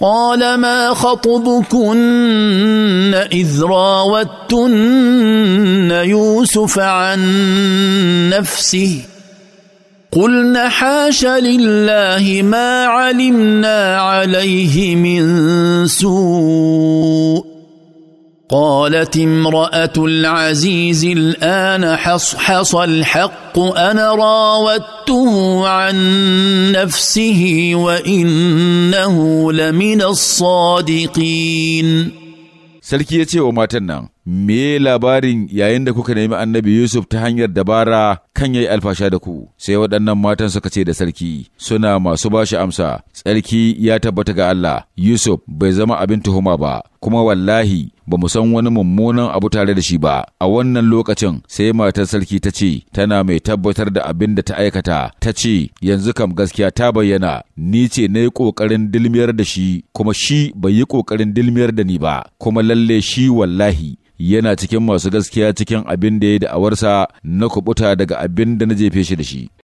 قال ما خطبكن اذ راوتن يوسف عن نفسه قلن حاش لله ما علمنا عليه من سوء قالت امراه العزيز الان حصحص الحق انا راودته عن نفسه وانه لمن الصادقين sarki ya ce wa matan nan me labarin yayin da kuka nemi annabi yusuf ta hanyar dabara kan yayi alfasha da ku sai waɗannan matan suka ce da sarki suna masu ba shi amsa Sarki ya tabbata ga allah yusuf bai zama abin tuhuma ba kuma wallahi ba mu san wani mummunan abu tare da shi ba a wannan lokacin sai matar sarki ta ce tana mai tabbatar da abin da ta aikata ta ce yanzu kam gaskiya ta bayyana ni ce na yi ƙoƙarin dilmiyar da shi kuma shi bai yi ƙoƙarin dilmiyar da ni ba kuma lalle shi wallahi yana cikin masu gaskiya cikin abin da ya da'awarsa na kubuta daga abin da na jefe shi da shi